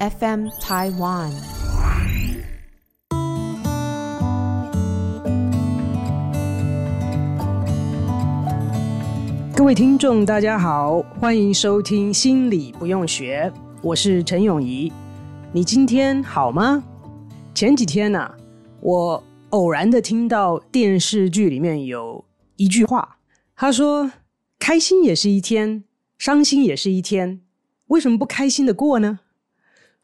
FM Taiwan。各位聽眾，大家好，歡迎收聽《心理不用學》，我是陳永怡。你今天好嗎？前幾天呢、啊，我偶然的聽到電視劇裡面有一句話，他說：“開心也是一天，傷心也是一天，為什麼不開心的過呢？”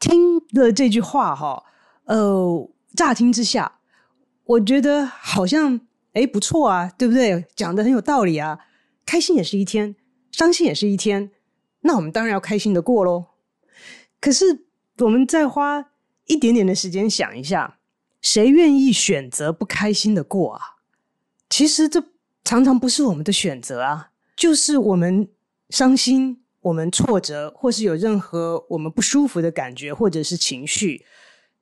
聽了這句話哈，呃，乍聽之下，我覺得好像誒不錯啊，對不對？講得很有道理啊。開心也是一天，傷心也是一天，那我們當然要開心的過咯。可是，我們再花一點點的時間想一下，誰願意選擇不開心的過啊？其實這常常不是我們的選擇啊，就是我們傷心。我們挫折，或是有任何我們不舒服的感覺，或者是情緒，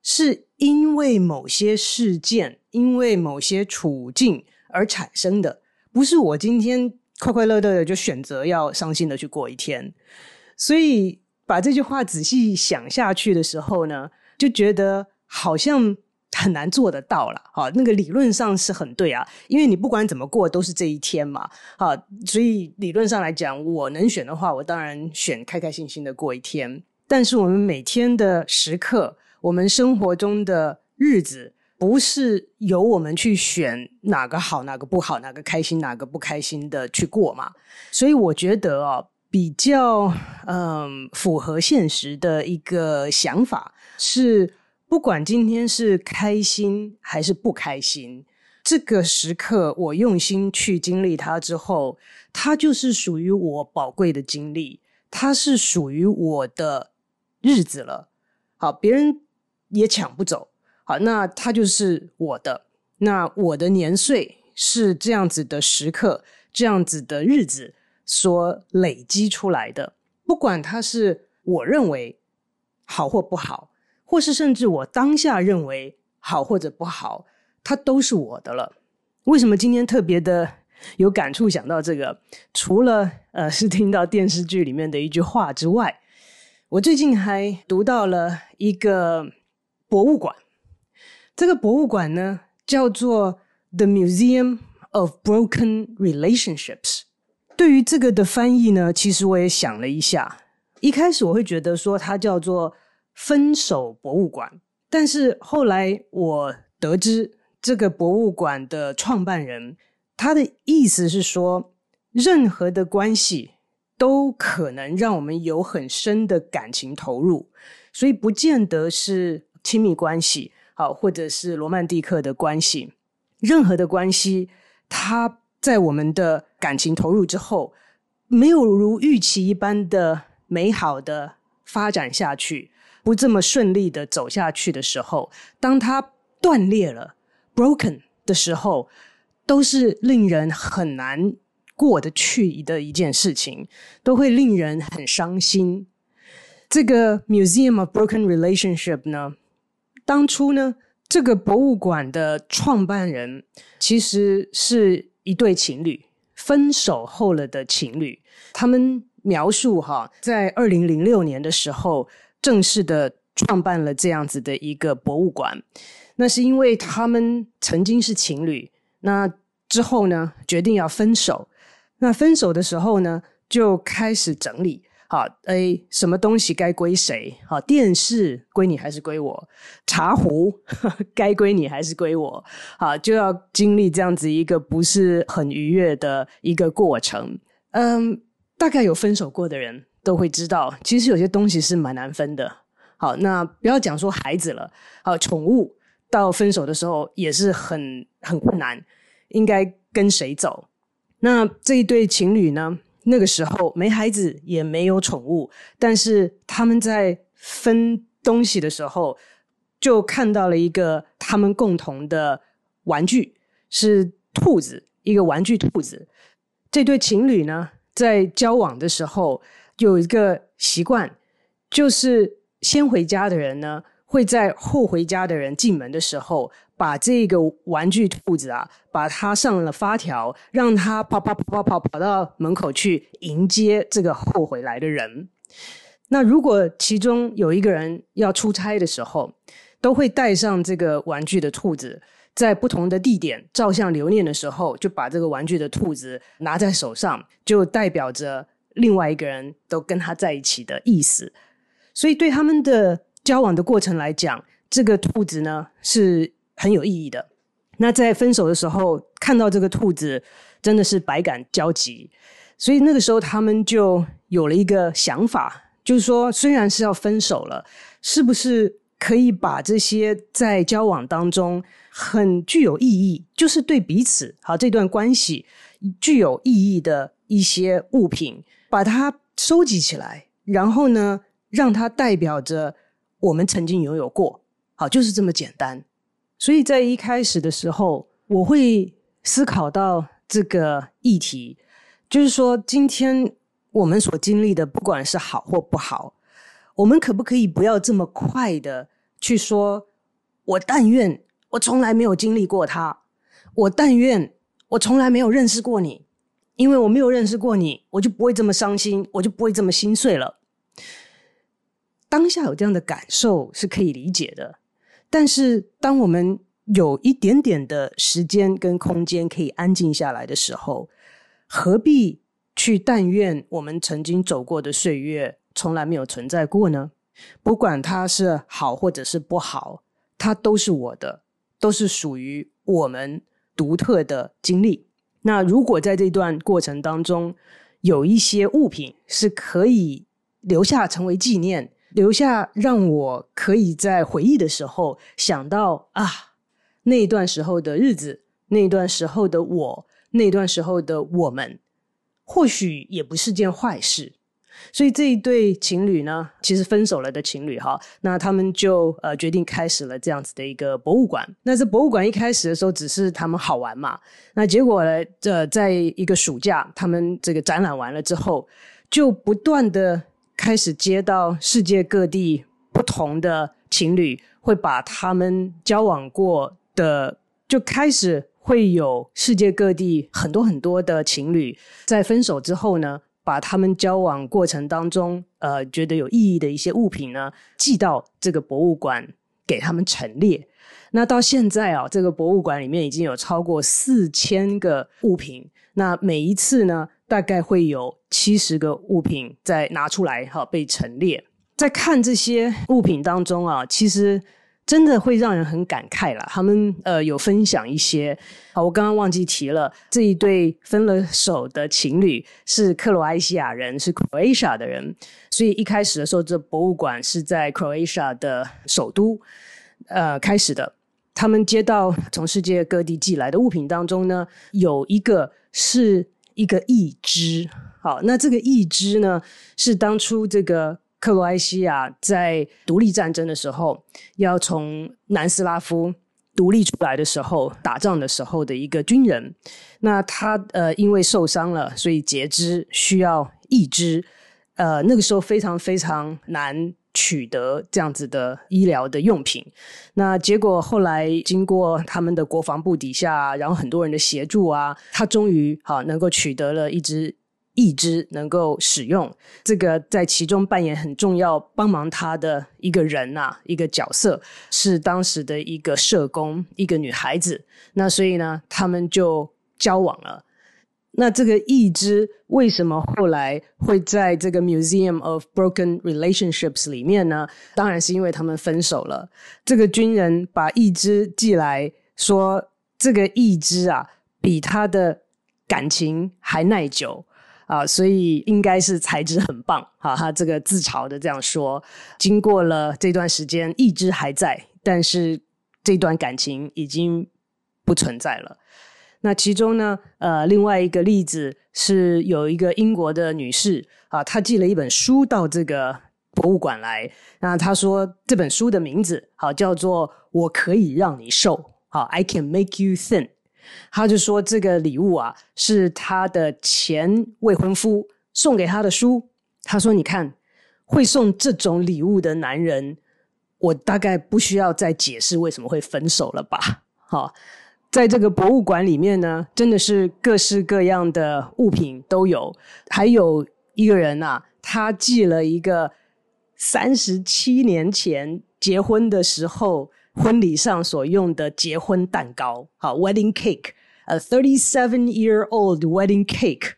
是因為某些事件，因為某些處境而產生的，不是我今天快快樂樂的就選擇要傷心的去過一天。所以把這句話仔細想下去的時候呢，就覺得好像。很難做得到了，哈，那個理論上是很對啊，因為你不管怎麼過都是這一天嘛，啊，所以理論上來講，我能選的話，我當然選開開心心的過一天。但是我們每天的時刻，我們生活中的日子，不是由我們去選哪個好，哪個不好，哪個開心，哪個不開心的去過嘛？所以我覺得哦，比較嗯、呃、符合現實的一個想法是。不管今天是開心還是不開心，這個時刻我用心去經歷它之後，它就是屬於我寶貴的經歷，它是屬於我的日子了。好，別人也搶不走。好，那它就是我的。那我的年歲是這樣子的時刻，這樣子的日子所累積出來的。不管它是我認為好或不好。或是甚至我當下認為好或者不好，它都是我的了。為什麼今天特別的有感觸想到這個？除了呃是聽到電視劇裡面的一句話之外，我最近還讀到了一個博物館。這個博物館呢，叫做 The Museum of Broken Relationships。對於這個的翻譯呢，其實我也想了一下。一開始我會覺得說它叫做。分手博物館，但是後來我得知，這個博物館的創辦人，他的意思是說，任何的關係都可能讓我們有很深的感情投入，所以不見得是親密關係，好，或者是羅曼蒂克的關係，任何的關係，它在我們的感情投入之後，沒有如預期一般的美好的發展下去。不這麼順利地走下去的時候，當它斷裂了 （broken） 的時候，都是令人很難過得去的一件事情，都會令人很傷心。這個 Museum of Broken Relationship 呢，當初呢，這個博物館的創辦人其實是一對情侶，分手後了的情侶。他們描述哈，在二零零六年的時候。正式的創辦了這樣子的一個博物館，那是因為他們曾經是情侶，那之後呢，決定要分手。那分手的時候呢，就開始整理，啊，A、欸，什麼東西該歸誰？啊，電視歸你還是歸我？茶壺該歸你還是歸我？啊，就要經歷這樣子一個不是很愉悅的一個過程。嗯，大概有分手過的人，都會知道，其實有些東西是蠻難分的。好，那不要講說孩子了，好，寵物到分手的時候也是很很困難，應該跟誰走？那這一對情侶呢？那個時候沒孩子，也沒有寵物，但是他們在分東西的時候，就看到了一個他們共同的玩具，是兔子，一個玩具兔子。這對情侶呢，在交往的時候，有一個習慣，就是先回家的人呢，會在後回家的人進門的時候，把這個玩具兔子啊，把它上了發條，讓它跑跑跑跑跑跑到門口去迎接這個後回來的人。那如果其中有一個人要出差的時候，都會帶上這個玩具的兔子，在不同的地點照相留念的時候，就把這個玩具的兔子拿在手上，就代表着。另外一個人都跟他在一起的意思，所以對他們的交往的過程來講，這個兔子呢是很有意義的。那在分手的時候看到這個兔子，真的是百感交集。所以那個時候他們就有了一個想法，就是說，雖然是要分手了，是不是可以把這些在交往當中很具有意義，就是對彼此好，這段關係具有意義的一些物品。把它收集起來，然後呢，讓它代表着我們曾經擁有過。好、啊，就是這麼簡單。所以，在一開始的時候，我會思考到這個議題，就是說，今天我們所經歷的，不管是好或不好，我們可不可以不要這麼快的去說，我但願我從來沒有經歷過它，我但願我從來沒有認識過你。因為我沒有認識過你，我就不會這麼傷心，我就不會這麼心碎了。當下有這樣的感受是可以理解的，但是當我們有一點點的時間跟空間可以安靜下來的時候，何必去但願我們曾經走過的歲月從來沒有存在過呢？不管它是好或者是不好，它都是我的，都是屬於我們獨特的經歷。那如果在這段過程當中，有一些物品是可以留下成為紀念，留下讓我可以在回憶的時候想到啊，那段時候的日子，那段時候的我，那段時候的我們，或許也不是件壞事。所以這一對情侶呢，其實分手了的情侶哈，那他們就呃決定開始了這樣子的一個博物館。那這博物館一開始的時候，只是他們好玩嘛。那結果呢，這，呃，在一個暑假，他們這個展覽完了之後，就不斷的開始接到世界各地不同的情侶，會把他們交往過的，就開始會有世界各地很多很多的情侶在分手之後呢。把他們交往過程當中，呃，覺得有意義的一些物品呢，寄到這個博物館給他們陳列。那到現在啊，這個博物館裡面已經有超過四千個物品。那每一次呢，大概會有七十個物品再拿出來哈、啊、被陳列。在看這些物品當中啊，其實。真的會讓人很感慨了。他們呃有分享一些，好，我剛剛忘記提了，這一對分了手的情侶是克羅埃西亞人，是 Croatia 的人，所以一開始的時候，這博物館是在 Croatia 的首都，呃，開始的。他們接到從世界各地寄來的物品當中呢，有一個是一個義肢，好，那這個義肢呢是當初這個。克羅埃西亞在獨立戰爭的時候，要從南斯拉夫獨立出來的時候，打仗的時候的一個軍人，那他呃因為受傷了，所以截肢需要義肢，呃那個時候非常非常難取得這樣子的醫療的用品，那結果後來經過他們的國防部底下，然後很多人的協助啊，他終於好、啊、能夠取得了一支。義肢能夠使用這個，在其中扮演很重要，幫忙他的一個人啊，一個角色是當時的一個社工，一個女孩子。那所以呢，他們就交往了。那這個義肢為什麼後來會在這個 Museum of Broken Relationships 裡面呢？當然是因為他們分手了。這個軍人把義肢寄來說，這個義肢啊，比他的感情還耐久。啊，所以應該是材質很棒啊，他這個自嘲的這樣說。經過了這段時間，一直還在，但是這段感情已經不存在了。那其中呢，呃，另外一個例子是有一個英國的女士啊，她寄了一本書到這個博物館來。那她說，這本書的名字好，啊，叫做我可以讓你瘦，啊，I can make you thin。他就說：“這個禮物啊，是他的前未婚夫送給他的書。”他說：“你看，會送這種禮物的男人，我大概不需要再解釋為什麼會分手了吧？”好、哦，在這個博物館裡面呢，真的是各式各樣的物品都有。還有一個人啊，他寄了一個三十七年前結婚的時候。婚禮上所用的結婚蛋糕，好，wedding cake，a thirty seven year old wedding cake，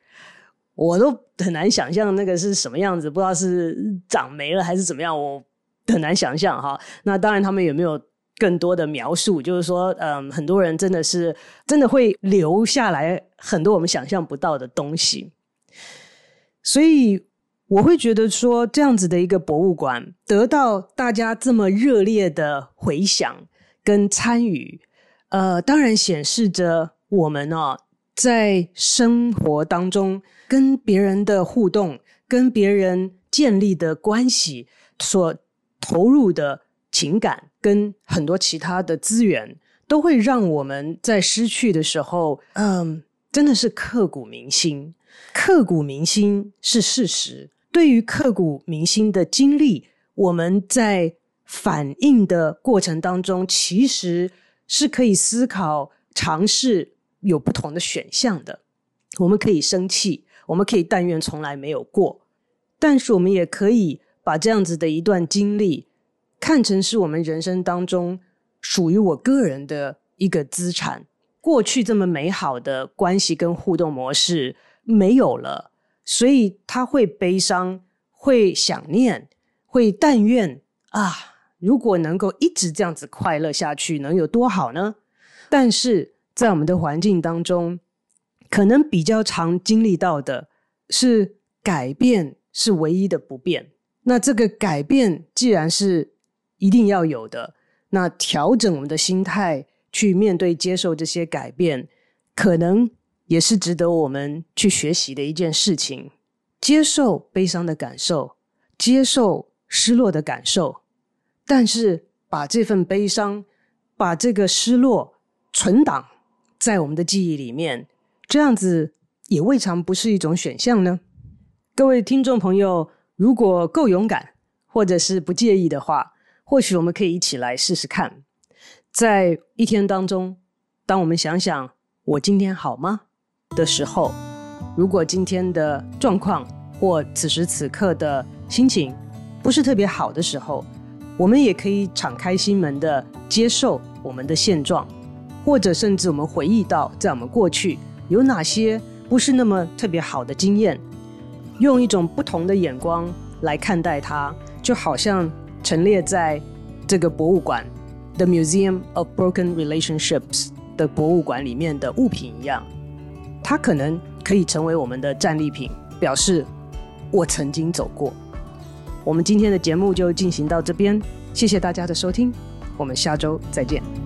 我都很難想象那個是什麼樣子，不知道是長黴了還是怎麼樣，我很難想象哈。那當然，他們有沒有更多的描述？就是說，嗯，很多人真的是真的會留下來很多我們想象不到的東西，所以。我會覺得說，這樣子的一個博物館得到大家這麼熱烈的回響跟參與，呃，當然顯示着我們啊、哦，在生活當中跟別人的互動、跟別人建立的關係所投入的情感跟很多其他的資源，都會讓我們在失去的時候，嗯、呃，真的是刻骨銘心。刻骨銘心是事實。對於刻骨銘心的經歷，我們在反應的過程當中，其實是可以思考、嘗試有不同的選項的。我們可以生氣，我們可以但願從來沒有過，但是我們也可以把這樣子的一段經歷看成是我們人生當中屬於我個人的一個資產。過去這麼美好的關係跟互動模式沒有了。所以他會悲傷，會想念，會但願啊！如果能夠一直這樣子快樂下去，能有多好呢？但是在我們的環境當中，可能比較常經歷到的是改變是唯一的不變。那這個改變既然是一定要有的，那調整我們的心態去面對、接受這些改變，可能。也是值得我們去學習的一件事情：接受悲傷的感受，接受失落的感受，但是把這份悲傷、把這個失落存檔在我們的記憶裡面，這樣子也未嘗不是一種選項呢。各位聽眾朋友，如果夠勇敢，或者是不介意的話，或許我們可以一起來試試看。在一天當中，當我們想想我今天好嗎？的時候，如果今天的狀況或此時此刻的心情不是特別好的時候，我們也可以敞開心門的接受我們的現狀，或者甚至我們回憶到在我們過去有哪些不是那麼特別好的經驗，用一種不同的眼光來看待它，就好像陳列在這個博物館，The Museum of Broken Relationships 的博物館裡面的物品一樣。它可能可以成為我們的戰利品，表示我曾經走過。我們今天的節目就進行到這邊，謝謝大家的收聽，我們下周再見。